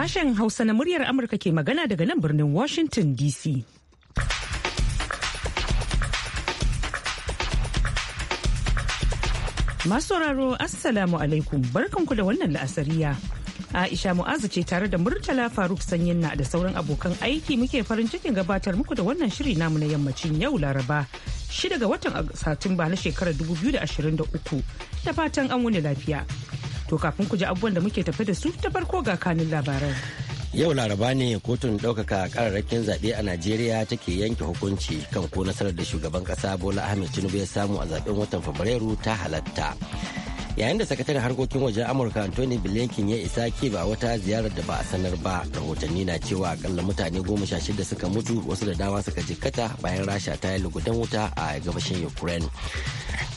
Sashen Hausa na muryar Amurka ke magana daga nan birnin Washington DC. Masu sauraro Assalamu alaikum barkanku da wannan la'asariya. Aisha Mu'azu ce tare da Murtala Faruk na da sauran abokan aiki muke farin cikin gabatar muku da wannan shiri namu na yammacin yau Laraba. Shida ga watan Satumba na shekarar 2023 da fatan an wuni lafiya. To kafin ku ji abubuwan da muke tafi da su ta farko ga kanin labaran. Yau laraba ne kotun ɗaukaka kararrakin zaɓe a Najeriya take yanke hukunci kan ko nasarar da shugaban ƙasa Bola Ahmed Tinubu ya samu a zaɓen watan Fabrairu ta halatta. yayin da sakataren harkokin wajen amurka anthony blinken ya isa ke ba wata ziyarar da ba a sanar ba rahotanni na cewa akalla mutane goma sha shida suka mutu wasu da dama suka jikkata bayan rasha ta yi lugudan wuta a gabashin ukraine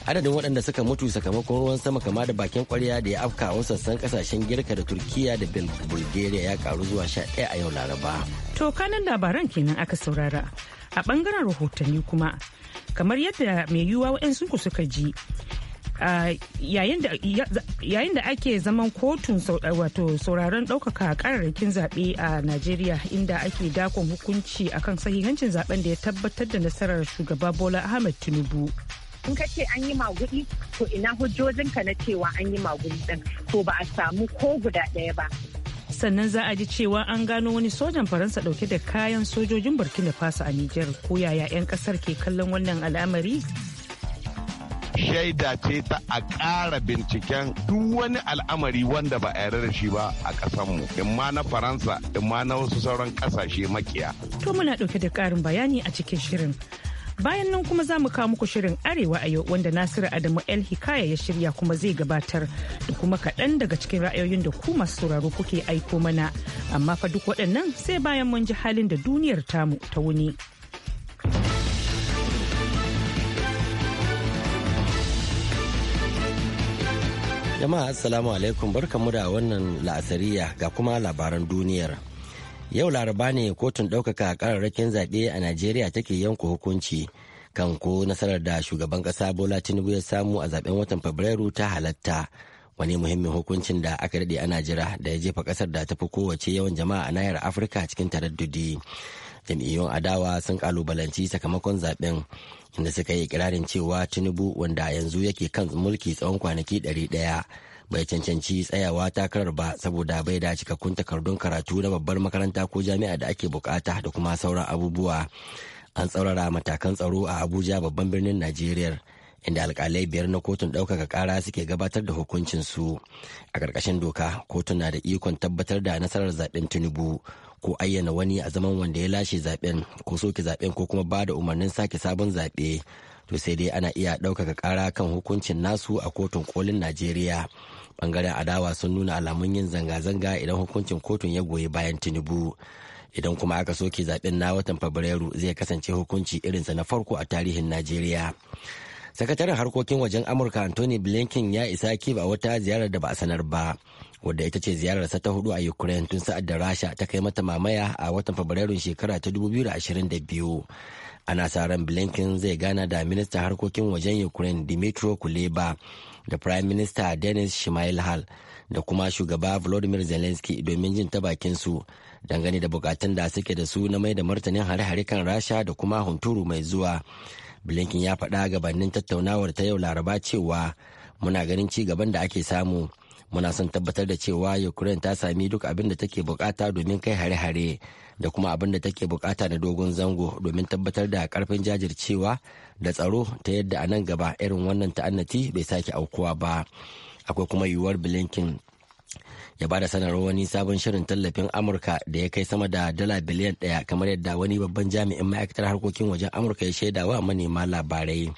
adadin waɗanda suka mutu sakamakon ruwan sama kama da bakin kwarya da ya afka a sassan kasashen girka da turkiya da bulgaria ya karu zuwa sha ɗaya a yau laraba to kanan labaran kenan aka saurara a bangaren rahotanni kuma kamar yadda mai yiwuwa wa'yan sunku suka ji yayin da ake zaman kotun wato sauraron ɗaukaka kararrakin zaɓe a najeriya inda ake dakon hukunci akan sahihancin zaben da ya tabbatar da nasarar shugaba bola ahmed tinubu in ka ce an yi magudi to ina hujjojinka na cewa an yi magudi din to ba a samu ko guda ɗaya ba sannan za a ji cewa an gano wani sojan faransa ɗauke da kayan sojojin burkina faso a nijar ko yaya 'yan ƙasar ke kallon wannan al'amari shaida ce ta a ƙara binciken duk wani al'amari wanda ba a yarda da shi ba a ƙasanmu in ma na faransa in ma na wasu sauran ƙasashe makiya. to muna ɗauke da ƙarin bayani a cikin shirin bayan nan kuma za mu kawo muku shirin arewa a yau wanda nasiru adamu el hikaya ya shirya kuma zai gabatar da kuma kaɗan daga cikin ra'ayoyin da ku masu sauraro kuke aiko mana amma fa duk waɗannan sai bayan mun ji halin da duniyar tamu ta wuni. Jama'a Assalamu alaikum barkamu da wannan la'asariya ga kuma labaran duniyar. Yau laraba ne kotun ɗaukaka kararrakin zaɓe a Najeriya take yanku hukunci kan ko nasarar da shugaban ƙasa Bola Tinubu ya samu a zaɓen watan Fabrairu ta halatta. Wani muhimmin hukuncin da aka daɗe ana jira da ya jefa ƙasar da ta fi kowace yawan jama'a a nahiyar Afirka cikin taraddudi. Jam'iyyun adawa sun ƙalubalanci sakamakon zaɓen. inda suka yi ikirarin cewa tinubu wanda yanzu yake kan mulki tsawon kwanaki ɗari ɗaya bai cancanci tsayawa takarar ba saboda bai da cikakkun takardun karatu na babbar makaranta ko jami'a da ake bukata da kuma sauran abubuwa an tsaurara matakan tsaro a abuja babban birnin najeriya inda alkalai biyar na kotun ɗaukaka ƙara suke gabatar da hukuncinsu a ƙarƙashin doka kotun na da ikon tabbatar da nasarar zaɓen tinubu ko ayyana wani a zaman wanda ya lashe zaben ko soke zaben ko kuma ba da umarnin sake sabon zaɓe to sai dai ana iya ɗaukaka ƙara kan hukuncin nasu a kotun kolin najeriya bangaren adawa sun nuna alamun yin zanga-zanga idan hukuncin kotun ya goyi bayan tinubu idan kuma aka soke zaben na watan fabrairu zai kasance hukunci irinsa na farko a tarihin najeriya sakataren harkokin wajen amurka anthony blinken ya isa kiev a wata ziyarar da ba a sanar ba wadda ita ce ziyararsa ta hudu a ukraine tun sa'ad da rasha ta kai mata mamaya a watan fabrairun shekara ta 2022 ana sa ran blinken zai gana da minista harkokin wajen ukraine dimitro kuleba da prime minister denis hal da kuma shugaba volodymyr zelensky domin jin ta bakin su dangane da bukatun da suke da su na mai da martanin hare-hare kan rasha da kuma hunturu mai zuwa blinken ya faɗa gabanin tattaunawar ta yau laraba cewa muna ganin ci gaban da ake samu muna son tabbatar da cewa ukraine ta sami duk abin da take bukata domin kai hare-hare da kuma abin da take bukata na dogon zango domin tabbatar da karfin jajircewa da tsaro ta yadda a nan gaba irin wannan ta'annati bai sake aukuwa ba akwai kuma yiwuwar blinken ya ba da sanarwar wani sabon shirin tallafin amurka da ya kai sama da dala biliyan daya kamar yadda wani babban jami'in ma'aikatar harkokin wajen amurka ya shaida wa manema labarai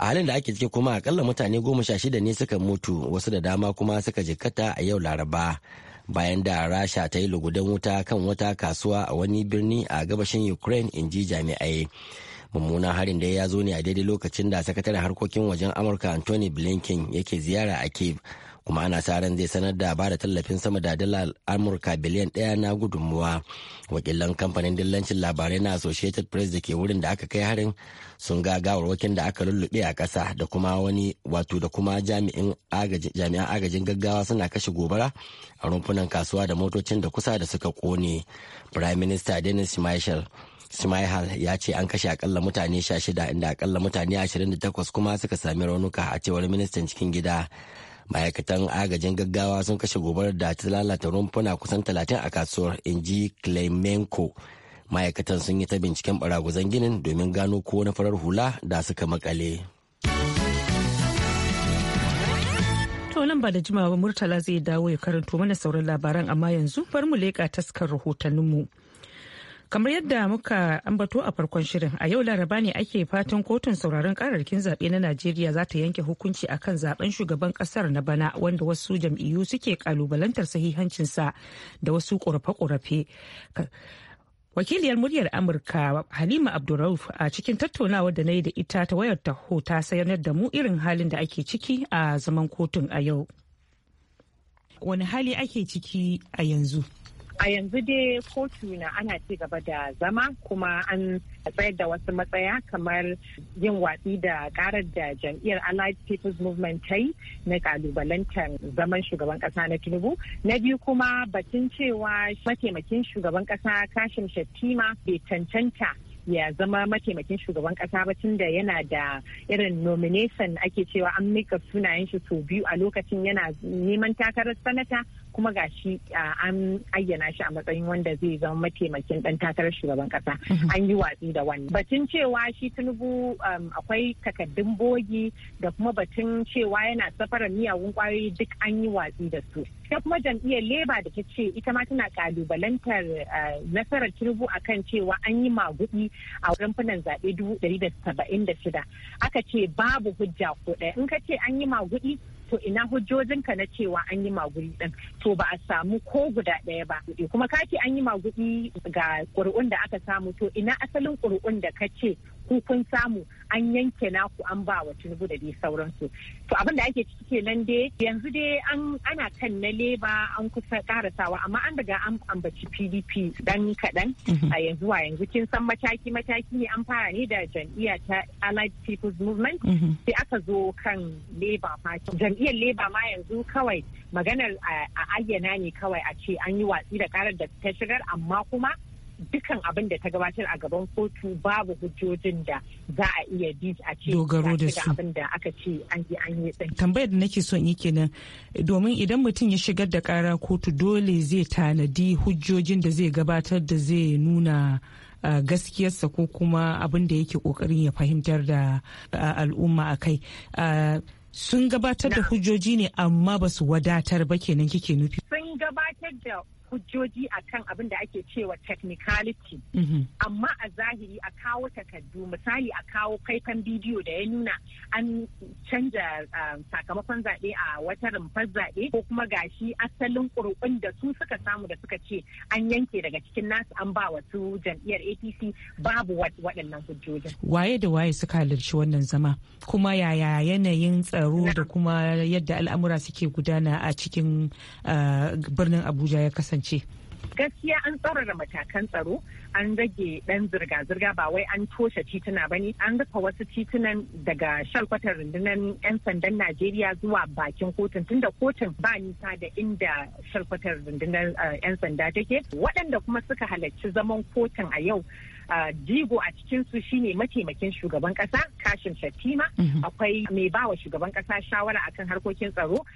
a halin da ake ciki kuma akalla mutane goma sha shida ne suka mutu wasu da dama kuma suka jikkata a yau laraba bayan da rasha ta yi lugudan wuta kan wata kasuwa a wani birni a gabashin ukraine in ji jami'ai mummunan harin da ya zo ne a daidai lokacin da sakataren harkokin wajen amurka anthony blinken yake ziyara a kiev kuma ana sa ran zai sanar da ba da tallafin sama da dala amurka biliyan ɗaya na gudunmuwa wakilan kamfanin dillancin labarai na associated press da ke wurin da aka kai harin sun ga gawarwakin da aka lullube a kasa. da kuma wani wato da kuma jami'an agajin gaggawa suna kashe gobara a rumfunan kasuwa da motocin da kusa da suka kone prime minister dennis michael ya ce an kashe akalla mutane 16 inda akalla mutane 28 kuma suka sami raunuka a cewar ministan cikin gida ma'aikatan agajin gaggawa sun kashe gobarar da ta lalata rumfuna kusan talatin a kasuwar inji klemenko ma'aikatan sun yi ta binciken baraguzan ginin domin gano ko na farar hula da suka makale to nan ba da jimawa murtala zai dawo ya karanto mana sauran labaran amma yanzu bar mu leƙa taskar rahotanninmu kamar yadda muka ambato a farkon shirin a yau laraba ne ake fatan kotun sauraron kararrakin zaɓe na najeriya za ta yanke hukunci a kan zaben shugaban ƙasar na bana wanda wasu jam'iyyu suke kalubalantar sahihancinsa da wasu ƙorafe-ƙorafe wakiliyar muryar amurka halima abdulrauf a cikin tattaunawar da na yi da ita ta wayar taho ta sayar da mu irin halin da ake ciki a zaman kotun a yau wani hali ake ciki a yanzu a yanzu dai kotu na ana ci gaba da zama kuma an tsayar da wasu matsaya kamar yin watsi da karar da jam'iyyar allied people's movement ta yi na kalubalantar zaman shugaban kasa na tinubu na biyu kuma batun cewa mataimakin shugaban kasa kashim shattima bai cancanta ya zama mataimakin shugaban kasa ba tun da yana da irin nomination ake cewa an mika sunayen shi sau biyu a lokacin yana neman takarar sanata kuma ga gashi an ayyana shi a matsayin wanda zai zama mataimakin dan takarar shugaban kasa mhm. an yi watsi da wannan batun cewa shi tinubu um, akwai takaddun bogi da kuma batun cewa yana safarar miyagun kwayoyi duk an yi watsi da su ita kuma jam'iyyar leba da ta ce ita ma tana kalubalantar eh, nasarar a kan cewa an yi maguɗi a rumfunan zaɓe dubu ɗari da saba'in da shida aka ce babu hujja ko ɗaya in ka ce an yi maguɗi to ina hujjojinka na cewa an yi magudi ɗin to ba a samu ko guda ɗaya ba kuma ka an yi maguɗi ga ƙuri'un da aka samu to ina asalin ƙuri'un da ka ce ko kun samu an yanke naku an ba wa tinubu da dai sauransu to abin da ake ciki kenan dai yanzu dai an ana kan na leba an kusa karasawa amma an daga an ambaci pdp dan kaɗan mhm. a yanzu wa yanzu kin san mataki mataki ne an fara ne da jam'iyya ta allied people's movement mhm. sai aka zo kan leba ma jam'iyyar leba ma yanzu kawai maganar a ayyana ne kawai a ce an yi watsi da karar da ta shigar amma kuma dukan abin da ta gabatar a gaban kotu babu hujjojin da za a iya bi a ce dogaro da su abin da aka ce an yi an yi tambayar da nake son yi kenan domin idan mutum ya shigar da kara kotu dole zai tanadi hujjojin da zai gabatar da zai nuna Uh, gaskiyarsa ko kuma abin da yake kokarin ya fahimtar da uh, al'umma a kai uh, sun gabatar da hujjoji ne amma ba su wadatar ba kenan kike nufi sun gabatar da hujjoji kan abin da ake cewa technicality mhm. amma a zahiri a kawo takardu misali a kawo faifan bidiyo da ya nuna an canja ah, sakamakon zaɓe a wata rumfar zaɓe ko kuma gashi asalin ƙurƙun da su suka samu da suka ce an yanke daga cikin nasu an ba wasu jam'iyyar apc babu waɗannan hujjojin waye da waye suka halarci wannan zama kuma yaya yanayin tsaro da kuma yadda al'amura suke gudana a cikin ah, birnin abuja ya kasance magance? Gaskiya an tsarara matakan tsaro, an rage dan zirga-zirga ba wai an toshe tituna ba ne, an rufe wasu titunan daga shalkwatar rundunar 'yan sandan Najeriya zuwa bakin kotun tunda kotun ba nisa da inda shalkwatar rundunar eh, 'yan sanda take. Waɗanda kuma suka halarci zaman kotun a yau jigo a cikin su shine mataimakin shugaban kasa kashin Shattima mhm. akwai mai bawa shugaban kasa shawara akan harkokin tsaro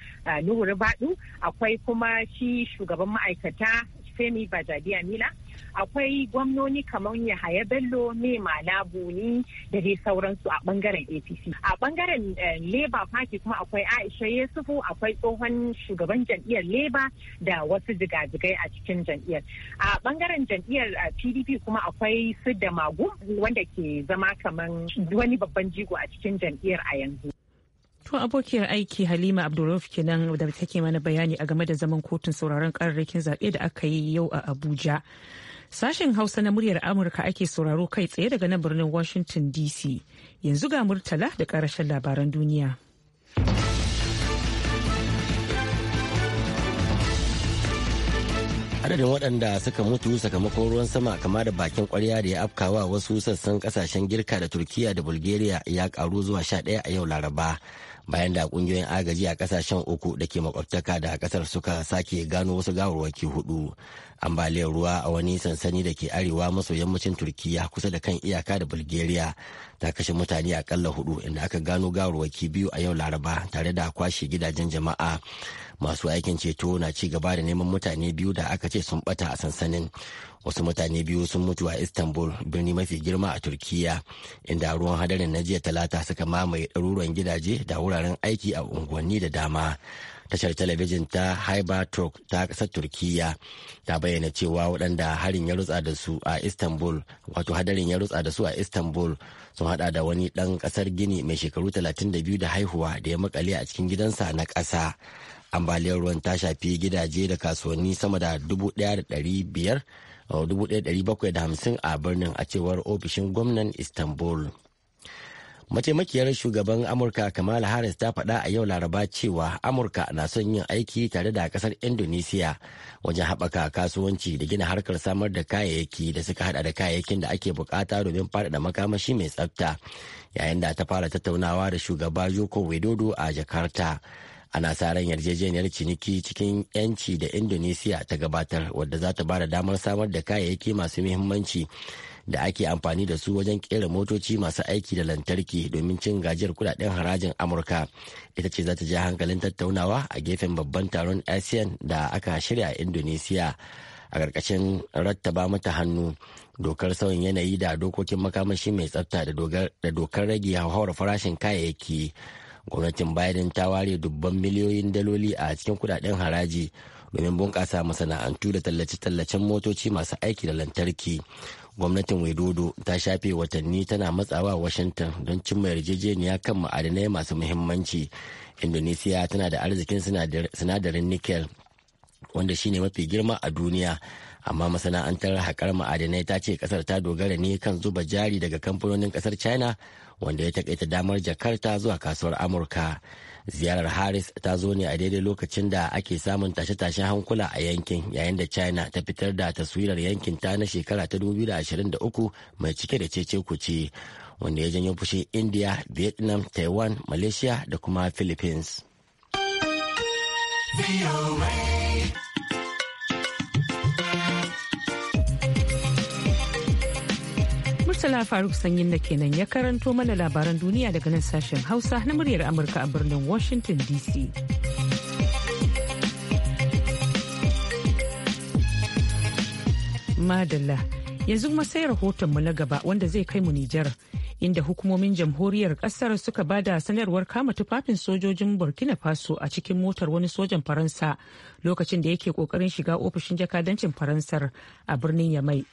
Nuhu Ribadu akwai kuma shi shugaban ma'aikata Femi Bajadiya Mila akwai gwamnoni kamar yahaya bello ne ma da dai sauransu a bangaren apc a bangaren eh, labour party kuma akwai aisha yusufu akwai tsohon shugaban jam'iyyar labour da wasu jigajigai a cikin jam'iyyar a bangaren jam'iyyar pdp eh, kuma akwai su da magu wanda ke zama kamar wani babban jigo a cikin jam'iyyar a yanzu To abokiyar aiki Halima Abdulrauf kenan da take mana bayani a game da zaman kotun sauraron kararrakin zaɓe da aka yi yau a Abuja. Sashen Hausa na muryar Amurka ake sauraro kai tsaye daga nan birnin Washington DC. Yanzu ga Murtala da karashen labaran duniya. Adadin waɗanda suka mutu sakamakon ruwan sama kama da bakin ƙwarya da ya afkawa wasu sassan ƙasashen girka da Turkiya da Bulgaria ya ƙaru zuwa sha ɗaya a yau Laraba. Bayan da kungiyoyin agaji a kasashen uku da ke makwabtaka da kasar suka sake gano wasu gawarwaki hudu. ambaliyar ruwa a wani sansani da ke arewa maso yammacin turkiya kusa da kan iyaka da bulgaria ta kashe mutane akalla hudu inda aka gano gawarwaki biyu a yau laraba tare da kwashe gidajen jama'a masu aikin ceto na ci gaba da neman mutane biyu da aka ce sun bata a sansanin wasu mutane biyu sun mutu a istanbul birni mafi girma a turkiya inda ruwan hadarin na jiya talata suka mamaye ɗaruruwan gidaje da wuraren aiki a unguwanni da dama tashar talabijin ta haiba turk ta kasar Turkiyya ta bayyana cewa waɗanda harin ya rutsa da su a istanbul wato hadarin ya rutsa da su a istanbul sun hada da wani ɗan ƙasar gini mai shekaru 32 da haihuwa da ya makale a cikin gidansa na ƙasa ambaliyar ruwan ta shafi gidaje da kasuwanni sama da 1,750 a birnin a cewar ofishin gwamnan istanbul mataimakiyar shugaban amurka kamala harris ta faɗa a yau laraba cewa amurka na son yin aiki tare da ƙasar indonesia wajen haɓaka kasuwanci da gina harkar samar da kayayyaki da suka hada da kayayyakin da ake bukata domin faɗaɗa makamashi mai tsafta yayin da ta fara tattaunawa da shugaba joko widodo a jakarta ana sa ran yarjejeniyar ciniki cikin yanci da indonesia ta gabatar wadda za ta ba da damar samar da kayayyaki masu muhimmanci da ake amfani da su wajen kera motoci masu aiki da lantarki domin cin gajiyar kudaden harajin amurka ita ce za ta ja hankalin tattaunawa a gefen babban taron asean da aka shirya a indonesiya a ƙarƙashin rattaba mata hannu dokar sauyin yanayi da dokokin makamashi mai tsafta da dokar rage hauhawar farashin kayayyaki gwamnatin biden ta ware dubban miliyoyin daloli a cikin kudaden haraji domin bunƙasa masana'antu da tallace-tallacen motoci masu aiki da lantarki gwamnatin waidodo ta shafe watanni tana matsawa washington don cimma yarjejeniya kan ma'adanai masu muhimmanci indonesiya tana da arzikin sinadarin nickel wanda shine mafi girma a duniya amma masana'antar haƙar ma'adanai ta ce ƙasar ta dogara ne kan zuba jari daga kamfanonin ƙasar china wanda ya taƙaita damar jakarta zuwa kasuwar amurka ziyarar harris ta zo ne a daidai lokacin da ake samun tashe-tashen hankula a yankin yayin da china ta fitar da taswirar yankin ta na shekara ta 2023 mai cike da cece kuce wanda ya janyo fushin india vietnam taiwan malaysia da kuma philippines. Murtala Faruk Sanyin na kenan ya karanto mana labaran duniya daga nan sashen Hausa na muryar Amurka a birnin Washington DC. Madalla, yanzu kuma sai rahotonmu na gaba wanda zai kai mu Nijar. Inda hukumomin jamhuriyar kasar suka bada sanarwar kama tufafin sojojin Burkina Faso a cikin motar wani sojan Faransa lokacin da yake kokarin shiga ofishin jakadancin Faransar a birnin Yamai.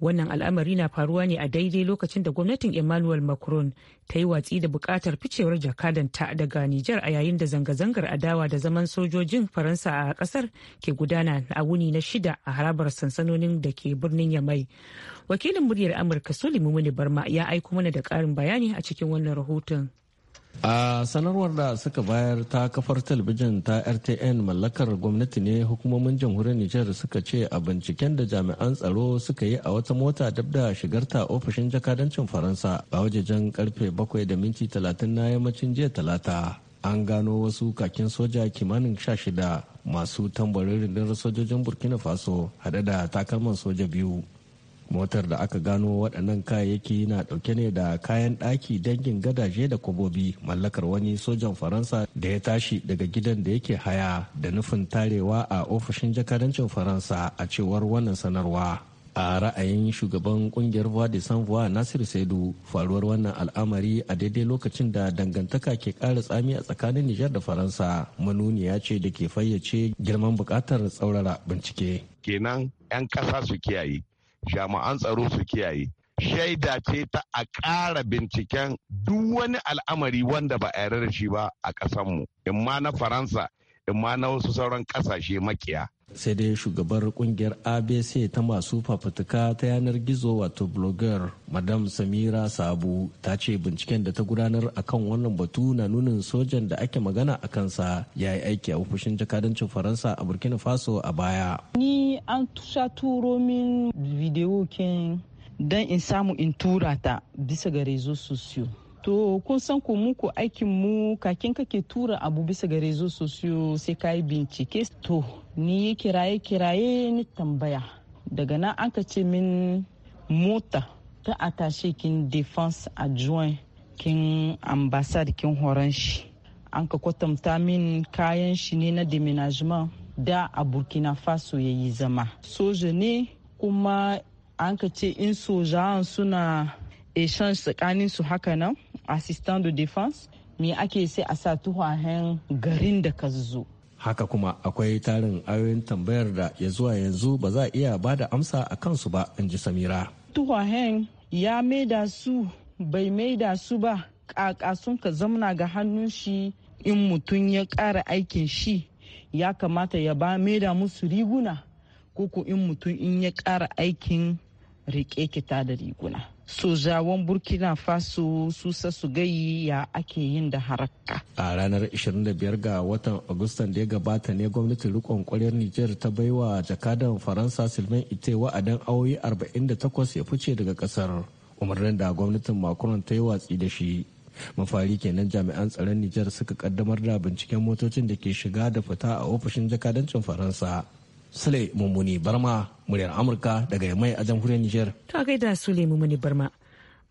wannan al'amari na faruwa ne a daidai lokacin da gwamnatin emmanuel macron ta yi watsi da bukatar ficewar jakadanta daga nijar a yayin da zanga-zangar adawa da zaman sojojin faransa a kasar ke gudana a wuni na shida a harabar sansanonin da ke birnin yamai wakilin muryar amurka solimu barma ya aiko mana da karin bayani a cikin wannan rahoton a sanarwar da suka bayar ta kafar talabijin ta rtn mallakar gwamnati ne hukumomin jamhuriyar nijar suka ce a binciken da jami'an tsaro suka yi a wata mota dab da shigarta ofishin jakadancin faransa a wajejen karfe 7 da minti 30 na yammacin jiya talata an gano wasu kakin soja kimanin 16 masu tambarin rundunar sojojin burkina faso hade da takalman soja biyu motar da aka gano waɗannan kayayyaki na ɗauke ne da kayan ɗaki dangin gadaje da kwabobi mallakar wani sojan faransa da ya tashi daga gidan da yake haya da nufin tarewa a ofishin jakadancin faransa a cewar wannan sanarwa a ra'ayin shugaban kungiyar voix de san nasir saidu faruwar wannan al'amari a daidai lokacin da dangantaka ke ƙara tsami a tsakanin nijar da faransa manuniya ce da ke fayyace girman buƙatar tsaurara bincike kenan 'yan ƙasa su kiyaye jami'an tsaro su kiyaye shaida ce ta a ƙara binciken duk wani al'amari wanda ba a yarda da shi ba a ƙasanmu in ma na faransa in ma na wasu sauran ƙasashe makiya sai dai shugabar kungiyar abc ta masu fafutuka ta yanar gizo wato blogger madam samira sabu ta ce binciken da ta gudanar akan wannan batu na nunin sojan da ake magana a kansa ya yi aiki a ofishin jakadancin faransa a burkina faso a baya ni an sha turo min bidiyo don in samu in tura ta bisa ga rezo sosiyo to kun san ku muku aikin mu kakin kake tura abu bisa ga rezo sosiyo sai ka yi bincike to ni yi kiraye kiraye ni tambaya daga nan ka ce min mota ta atashe kin defense adjoint kin ambassade kin horon shi an ka kwatanta min kayan shi ne na deménagement da a burkina faso ya yi zama soja ne kuma an ka ce in soja suna exchange tsakanin su haka nan assistant de defense me ake sai a sa tuhahen garin da ka zo haka kuma akwai tarin ayoyin tambayar da ya zuwa yanzu ba za a iya ba da amsa a kansu ba in ji samira tuhahen ya maida su bai maida su ba kaka sun ka zamna ga hannun shi in mutum ya ƙara aikin shi ya kamata ya ba maida musu riguna ko in mutum in ya ƙara aikin riƙe kita da riguna sojawan burkina faso su su gayi ya ake yin da haraka a ranar 25 ga watan agustan da ya gabata ne gwamnatin rikon kwaryar nijar ta baiwa jakadan faransa sylvain ite wa'adan awoyi 48 ya fice daga kasar umarnin da gwamnatin macron ta yi watsi da shi mafari kenan jami'an tsaron nijar suka kaddamar da binciken motocin da ke shiga da fita a ofishin jakadancin faransa Sule Mummuni Barma muryar Amurka daga mai a jamhuriyar Nijar. To a gaida Sule Mummuni Barma.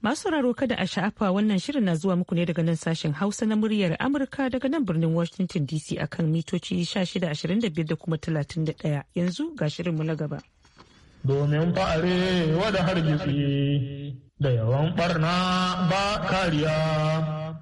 Masu sauraro kada a sha'afa wannan shirin na zuwa muku ne daga nan sashen Hausa na muryar Amurka daga nan birnin Washington DC akan mitoci 1625 da kuma 31 yanzu ga shirinmu na gaba. Domin fa'are wada hargitsi da yawan barna ba kariya.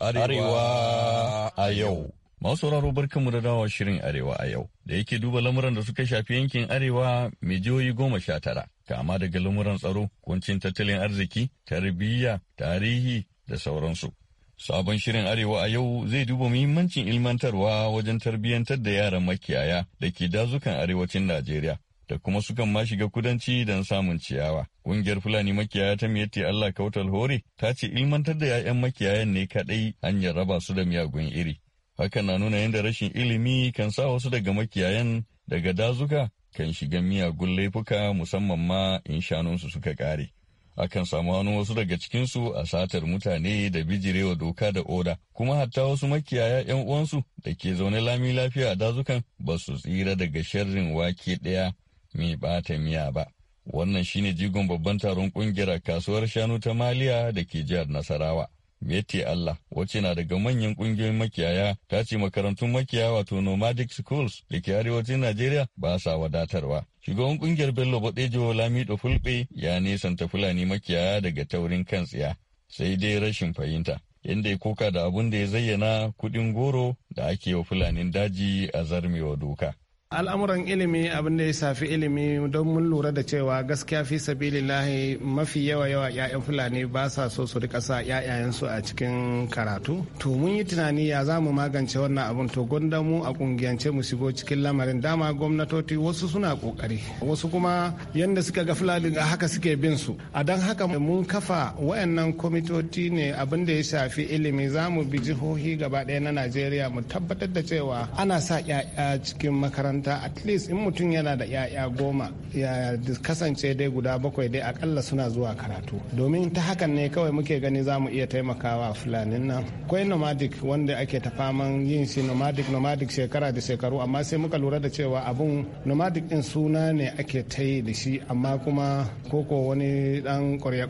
Arewa a yau. Masu sauraro barkanmu da dawa shirin Arewa a yau da yake duba lamuran da suka shafi yankin Arewa mai jihohi goma sha tara kama daga lamuran tsaro, kuncin tattalin arziki, tarbiyya, tarihi da sauransu. Sabon shirin Arewa a yau zai duba muhimmancin ilmantarwa wajen tarbiyyantar da yaran makiyaya da ke dazukan arewacin Najeriya da kuma sukan ma shiga kudanci don samun ciyawa. Ƙungiyar Fulani makiyaya ta Miyatti Allah Kautal Hore ta ce ilmantar da 'ya'yan makiyayan ne kaɗai hanyar raba su da miyagun iri. Hakan na nuna yadda rashin ilimi kan sa wasu daga makiyayan daga dazuka kan shiga miyagun laifuka musamman ma in shanunsu suka kare. Akan samu hannun wasu daga cikinsu a satar mutane da bijirewa doka da oda, kuma hatta wasu makiyaya 'yan uwansu da ke zaune lami lafiya a dazukan ba su tsira daga sharrin wake ɗaya mai ɓata miya ba. Wannan shine jigon babban taron kungiyar kasuwar shanu ta Maliya da ke jihar Nasarawa. Mete Allah wacce na daga manyan kungiyoyin makiyaya ta ce makarantun makiyaya wato nomadic schools da ke arewacin Najeriya ba sa wadatarwa. Shugaban kungiyar Bello lami Lamido Fulbe ya nesanta Fulani makiyaya daga taurin kan tsiya sai dai rashin fahimta. Yanda ya koka da abun da ya zayyana kuɗin goro da ake wa Fulanin daji a zarmewa doka. al'amuran ilimi abin da ya safi ilimi don mun lura da cewa gaskiya fi sabilillahi mafi yawa yawa ya'yan fulani ba sa so su rika sa yayayensu a cikin karatu to mun yi tunani ya za mu magance wannan abin to gonda mu a kungiyance mu shigo cikin lamarin dama gwamnatoci wasu suna kokari wasu kuma yanda suka ga fulani haka suke bin su a don haka mun kafa wayannan kwamitoci ne abin da ya shafi ilimi za mu bi jihohi gaba ɗaya na najeriya mu tabbatar da cewa ana sa yaya cikin makaranta makaranta at least in mutum yana da 'ya'ya goma ya kasance dai guda bakwai dai akalla suna zuwa karatu domin ta hakan ne kawai muke gani za mu iya taimakawa fulanin nan kwai nomadic wanda ake ta faman yin shi nomadic nomadic shekara da shekaru amma sai muka lura da cewa abun nomadic din suna ne ake ta yi da shi amma kuma koko wani dan kwarya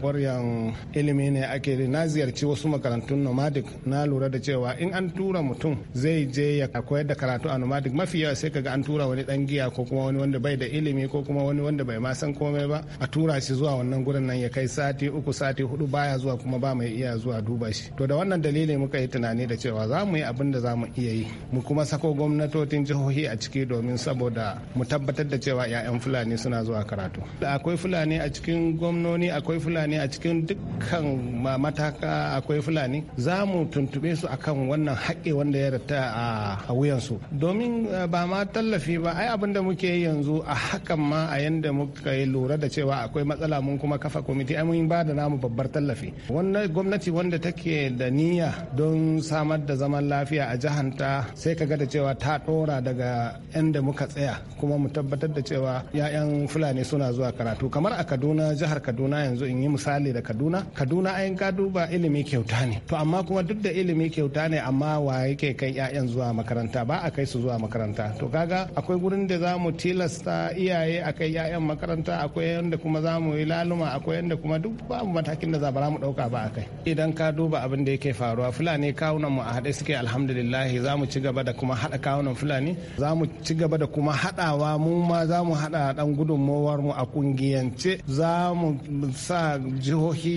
ilimi ne ake na ziyarci wasu makarantun nomadic na lura da cewa in an tura mutum zai je ya koyar da karatu a nomadic mafi yawa sai kaga an tura tura wani dan giya ko kuma wani wanda bai da ilimi ko kuma wani wanda bai ma san komai ba a tura shi zuwa wannan gurin nan ya kai sati uku sati hudu baya zuwa kuma ba mai iya zuwa duba shi to da wannan dalili muka yi tunani da cewa za mu yi abin da za mu iya yi mu kuma sako gwamnatocin jihohi a ciki domin saboda mu tabbatar da cewa 'ya'yan fulani suna zuwa karatu da akwai fulani a cikin gwamnoni akwai fulani a cikin dukkan mataka akwai fulani za mu tuntube su akan wannan haƙƙi wanda ya rata a wuyansu domin eh, ba ma tallafi laifi ba ai abin da muke yi yanzu a hakan ma a yanda muka yi lura da cewa akwai matsala mun kuma kafa kwamiti ai mun ba da namu babbar tallafi wannan gwamnati wanda take da niyya don samar da zaman lafiya a ta sai ka ga da cewa ta dora daga yadda muka tsaya kuma mu tabbatar da cewa 'ya'yan fulani suna zuwa karatu kamar a kaduna jihar kaduna yanzu in yi misali da kaduna kaduna ayin ka duba ilimi kyauta ne to amma kuma duk da ilimi kyauta ne amma wa yake kai 'ya'yan zuwa makaranta ba a kai su zuwa makaranta to kaga akwai gurin da za mu tilasta iyaye a kai 'ya'yan makaranta akwai yadda kuma za mu yi laluma akwai yadda kuma duk babu matakin da za mu ɗauka ba a kai idan ka duba abin da yake faruwa fulani kawunan mu a haɗe suke alhamdulillah za mu ci gaba da kuma haɗa kawunan fulani za mu ci gaba da kuma haɗawa mu ma za mu haɗa ɗan gudunmowar mu a kungiyance za mu sa jihohi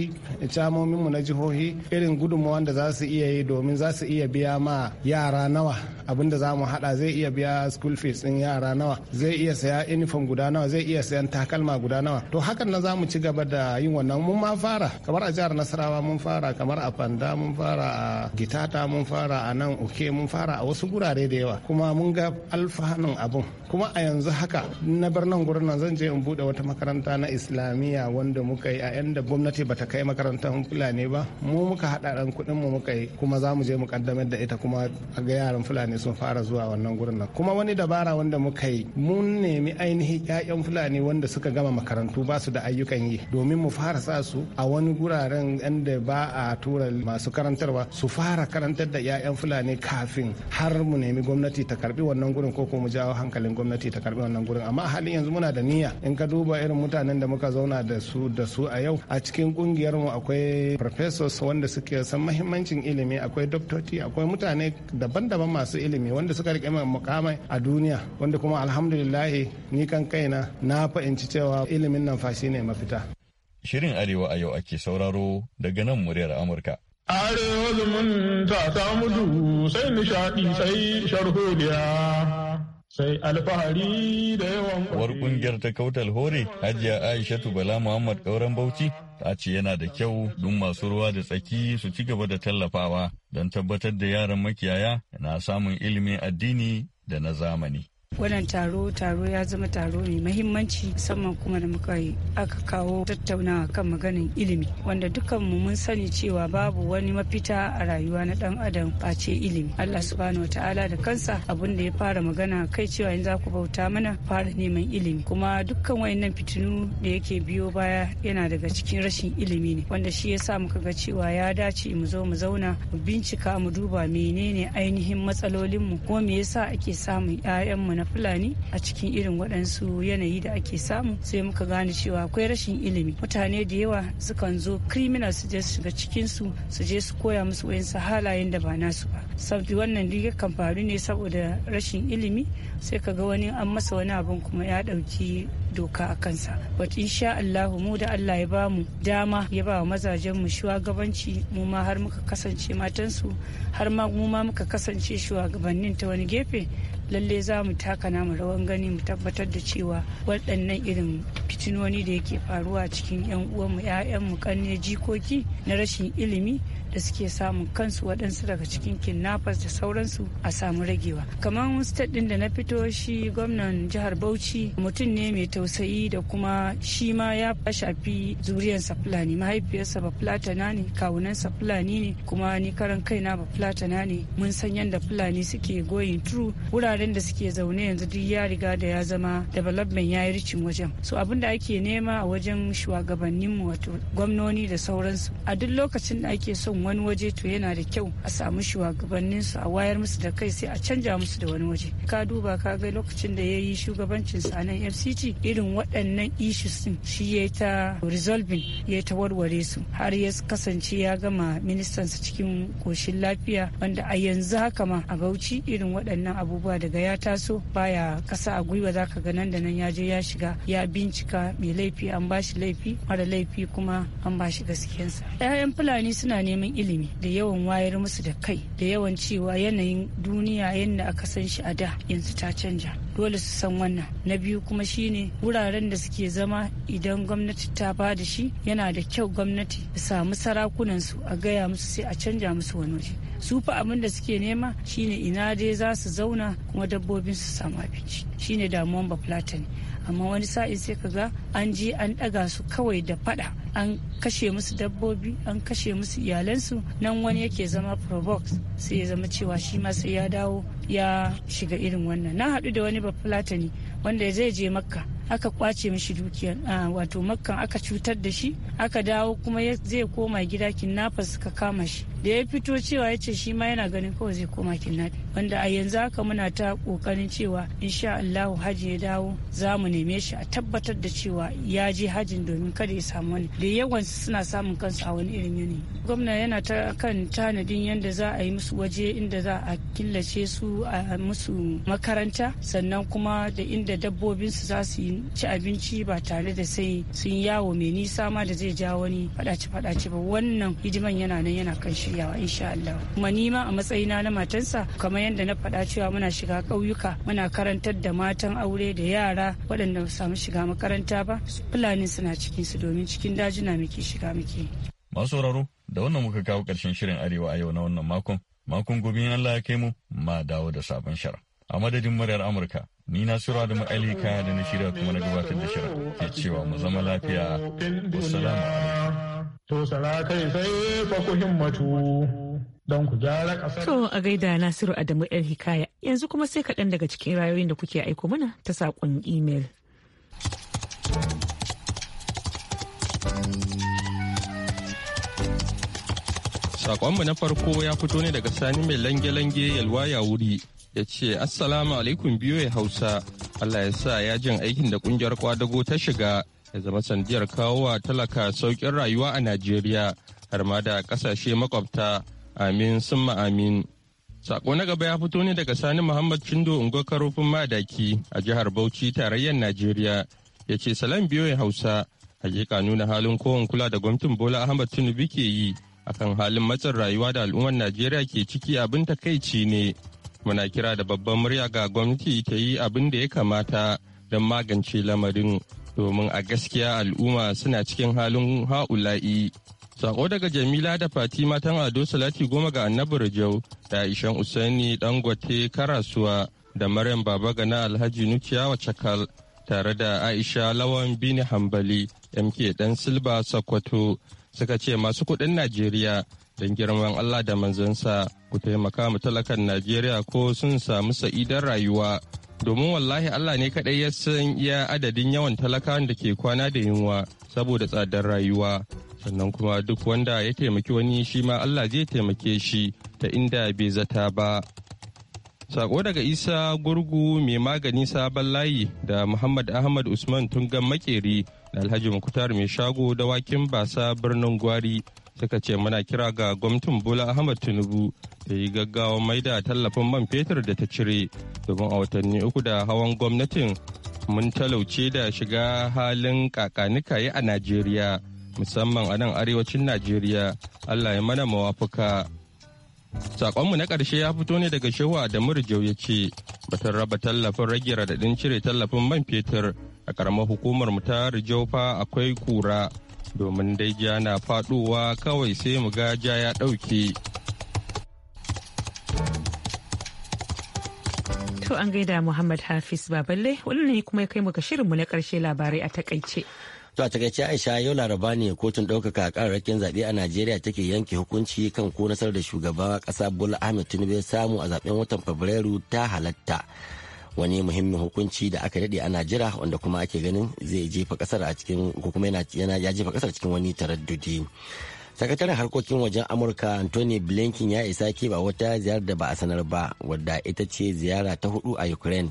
camomin mu na jihohi irin gudunmowar da za su iya yi domin za su iya biya ma yara nawa abin da za mu haɗa zai iya biya school fees sayan yara nawa zai iya saya uniform guda nawa zai iya sayan takalma guda nawa to hakan na zamu ci gaba da yin wannan mun ma fara kamar a jihar nasarawa mun fara kamar a fanda mun fara a gitata mun fara a nan uke mun fara a wasu gurare da yawa kuma mun ga alfanun abun kuma a yanzu haka na bar nan gurin nan zan je in bude wata makaranta na islamiyya wanda muka yi a yanda gwamnati bata kai makarantar fulani ba mu muka hada dan kudin mu muka yi kuma za mu je mu kaddamar da ita kuma a ga yaran fulani sun fara zuwa wannan gurin nan kuma wani dabara wanda muka yi mun nemi ainihin ƴaƴan fulani wanda suka gama makarantu ba su da ayyukan yi domin mu fara sa su a wani guraren yanda ba a tura masu karantarwa su fara karantar da ƴaƴan fulani kafin har mu nemi gwamnati ta karbi wannan gurin ko kuma mu jawo hankalin gwamnati ta karbi wannan gurin amma halin yanzu muna da niyya in ka duba irin mutanen da muka zauna da su da su a yau a cikin kungiyar mu akwai professors wanda suke san mahimmancin ilimi akwai doctorate akwai mutane daban-daban masu ilimi wanda suka rike mukamai a duniya wanda kuma alhamdulillah ni kan kaina na fahimci cewa ilimin nan fashi ne mafita Shirin Arewa a yau ake sauraro daga nan muryar Amurka. Arewa zumunta ta mutu sai nishaɗi sai sharholiya. sai alfahari da yawan uwar kungiyar ta kautal hore hajiya aishatu bala muhammad kauran bauchi ta ce yana da kyau don masu ruwa da tsaki su ci gaba da tallafawa don tabbatar da yaran makiyaya na samun ilimin addini da na zamani wannan taro taro ya zama taro mai mahimmanci musamman kuma da muka yi aka kawo tattaunawa kan maganin ilimi wanda mu mun sani cewa babu wani mafita a rayuwa na dan adam face ilimi allah subhanahu ta'ala da kansa abun da ya fara magana kai cewa yanzu za ku bauta mana fara neman ilimi kuma dukkan wayannan fitinu da yake biyo baya yana daga cikin rashin ilimi ne wanda shi ya sa muka ga cewa ya dace mu zo mu zauna mu bincika mu duba menene ainihin matsalolinmu ko me yasa ake samun 'ya'yanmu na na fulani a cikin irin waɗansu yanayi da ake samu sai muka gane cewa akwai rashin ilimi mutane da yawa sukan zo criminal su je su shiga cikin su su je su koya musu wayansu halayen da ba nasu ba saboda wannan duk yakan faru ne saboda rashin ilimi sai ka ga wani an masa wani abin kuma ya ɗauki doka a kansa but insha Allahu mu da Allah ya bamu dama ya ba wa mazajen mu shugabanci mu ma har muka kasance matansu har ma mu ma muka kasance shugabannin ta wani gefe lalle za mu taka namu rawan gani mu tabbatar da cewa waɗannan irin fitinoni da yake faruwa cikin 'yan uwanmu 'ya'yanmu kanne jikoki na rashin ilimi da suke samun kansu waɗansu daga cikin kidnappers da sauransu a samu ragewa kamar state ɗin da na fito shi gwamnan jihar bauchi mutum ne mai tausayi da kuma shi ma ya shafi zuriyarsa fulani mahaifiyarsa ba fulatana ne kawunansa fulani ne kuma ni karan kaina ba fulatana ne mun san yadda fulani suke goyin turu wuraren da suke zaune yanzu duk ya riga da ya zama development ya yi ricin wajen so abin da ake nema a wajen shugabanninmu wato gwamnoni da sauransu a duk lokacin da ake son wani waje to yana da kyau a samu shugabannin su a wayar musu da kai sai a canja musu da wani waje ka duba ka ga lokacin da ya yi shugabancin sa nan fct irin waɗannan issues din shi ya ta resolving ya ta warware su har ya kasance ya gama ministan su cikin koshin lafiya wanda a yanzu haka ma a bauchi irin waɗannan abubuwa daga ya taso baya kasa a gwiwa za ka ga nan da nan ya je ya shiga ya bincika mai laifi an bashi laifi mara laifi kuma an bashi gaskiyansa 'ya'yan fulani suna neman ilimi da yawan wayar musu da kai da yawan cewa yanayin duniya yadda aka san shi a da yanzu ta canja dole su san wannan na biyu kuma shine wuraren da suke zama idan gwamnati ta ba da shi yana da kyau gwamnati su samu sarakunan su a gaya musu sai a canja musu wani waje su fa abin da suke nema shine ina dai za su zauna kuma dabbobin su samu abinci shine damuwan ba ne amma wani sa'in sai ka ga an ji an ɗaga su kawai da faɗa an kashe musu dabbobi an kashe musu iyalansu nan wani yake zama provox sai ya zama cewa shi ma sai ya dawo ya shiga irin wannan na haɗu da wani bafulatani wanda zai je makka aka kwace mishi dukiyar wato makkan aka cutar da shi aka dawo kuma zai koma gida kinnafa suka kama shi da ya fito cewa ya ce shi ma yana ganin kawai zai koma kidnapping wanda a yanzu haka muna ta kokarin cewa insha Allahu haji ya dawo za mu neme shi a tabbatar da cewa ya je hajin domin kada ya samu wani da yawan suna samun kansu a wani irin yanayi gwamna yana ta kan tanadin yadda za a yi musu waje inda za a killace su a musu makaranta sannan kuma da inda dabbobinsu za su ci abinci ba tare da sai sun yawo mai nisa ma da zai ja wani fadace-fadace ba wannan hidiman yana nan yana kan shi yawa insha Allah kuma ni ma a matsayina na matansa kamar yadda na faɗa cewa muna shiga ƙauyuka muna karantar da matan aure da yara waɗanda ba samu shiga makaranta ba fulani suna cikin su domin cikin dajina muke shiga muke masu sauraro da wannan muka kawo ƙarshen shirin arewa a yau na wannan makon makon gobe in Allah ya kai mu ma dawo da sabon shara a madadin muryar Amurka ni na sura da ma'ali kaya da na shirya kuma na gabatar da shirin ke cewa mu zama lafiya wasu alaikum To sarakai sai fa ku himmatu don ku gyara ƙasar. To a gaida Nasiru Adamu El Hikaya yanzu kuma sai kaɗan daga cikin rayoyin da kuke aiko mana ta saƙon imel. Saƙonmu na farko ya fito ne daga sani mai lange-lange yalwaya wuri ya ce Assalamu alaikum ya Hausa Allah ya sa ya jin aikin da ƙungiyar kwadago ta shiga ya zama sandiyar kawo wa talaka sauƙin rayuwa a Najeriya har ma da ƙasashe makwabta amin sun amin. Sako na gaba ya fito ne daga Sani Muhammad Chindo Ungo Karofin Madaki a jihar Bauchi tarayyar Najeriya ya ce salam biyoyin Hausa hakika nuna halin kowan kula da gwamnatin Bola Ahmad Tinubu ke yi akan halin matsin rayuwa da al'ummar Najeriya ke ciki abin takaici ne. Muna kira da babban murya ga gwamnati ta yi abin da ya kamata don magance lamarin domin a gaskiya al'umma suna cikin halin ha'ula'i. Sako daga Jamila da Fatima tan Ado Salati goma ga Annabi Rajau da aishan Usaini Dangote Karasuwa da Maryam baba na Alhaji Nukiyawa Cakal tare da Aisha Lawan Bini Hambali MK Dan Silba Sokoto suka ce masu kuɗin Najeriya don girman Allah da manzansa ku taimaka mu talakan Najeriya ko sun samu sa'idar rayuwa. domin wallahi Allah ne kaɗai ya san iya adadin yawan talakawan da ke kwana da yunwa saboda tsadar rayuwa sannan kuma duk wanda ya taimaki wani shi ma Allah zai taimake shi ta inda bai zata ba sako daga isa gurgu mai magani sabon layi da muhammad ahmad usman tungan makeri da alhaji mukutar mai shago da wakin basa birnin gwari suka ce muna kira ga gwamnatin bola ahmad tinubu ta yi gaggawa maida tallafin man fetur da ta cire domin a watanni uku da hawan gwamnatin mun talauce da shiga halin kakanikaye a najeriya musamman a nan arewacin najeriya allah ya mana mawafuka Sakonmu na ƙarshe ya fito ne daga Shehu Adamu Rijau ya ce, batun raba tallafin rage radadin cire tallafin man fetur a karamar hukumar mu ta Rijofa akwai kura domin dai ja na faɗowa kawai sai mu ga ja ya dauke. To an gaida Muhammad Hafiz Baballe wannan ne kuma ya kai mu ga mu na karshe labarai a takaice. To a takaice Aisha yau laraba ne kotun ɗaukaka kararrakin zaɓe a Najeriya take yanke hukunci kan ko nasarar da shugaban ƙasa Bola Ahmed Tinubu ya samu a zaɓen watan Fabrairu ta halatta. wani muhimmin hukunci da aka daɗe ana jira wanda kuma ake ganin zai jefa kasar a cikin ko kuma yana ya jefa kasar cikin wani taraddudi sakataren harkokin wajen amurka anthony blinken ya isa ba wata ziyarar da ba a sanar ba wadda ita ce ziyara ta hudu a ukraine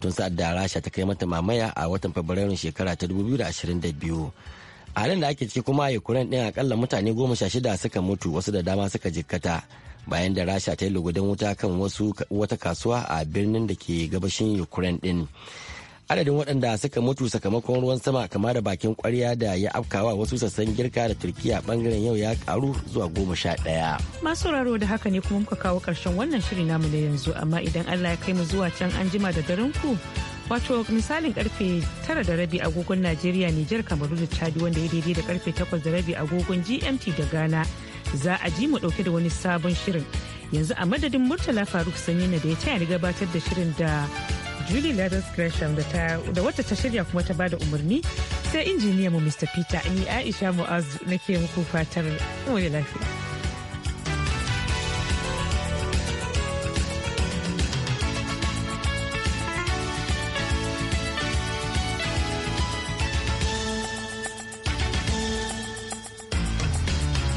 tun sa'ad da rasha ta kai mata mamaya a watan fabrairun shekara ta 2022 a halin da ake ciki kuma a ukraine din akalla mutane goma sha shida suka mutu wasu da dama suka jikkata bayan da rasha ta yi lugudan wuta kan wasu wata kasuwa a birnin da ke gabashin ukraine din adadin waɗanda suka mutu sakamakon ruwan sama kama da bakin kwarya da ya afkawa wasu sassan girka da turkiya bangaren yau ya karu zuwa goma sha ɗaya. masu raro da haka ne kuma muka kawo karshen wannan shiri namu na yanzu amma idan allah ya kai mu zuwa can an jima da daren ku wato misalin karfe tara da rabi agogon najeriya nijar kamaru da chadi wanda ya daidai da karfe takwas da rabi agogon gmt da ghana za a ji mu ɗauke da wani sabon shirin yanzu a madadin murtala faruk sanyi da ya tayar ni gabatar da shirin da julie ladders gresham da wata ta shirya kuma ta bada umarni sai injiniya mu mr peter ni aisha mu'azu nake muku fatar mu lafiya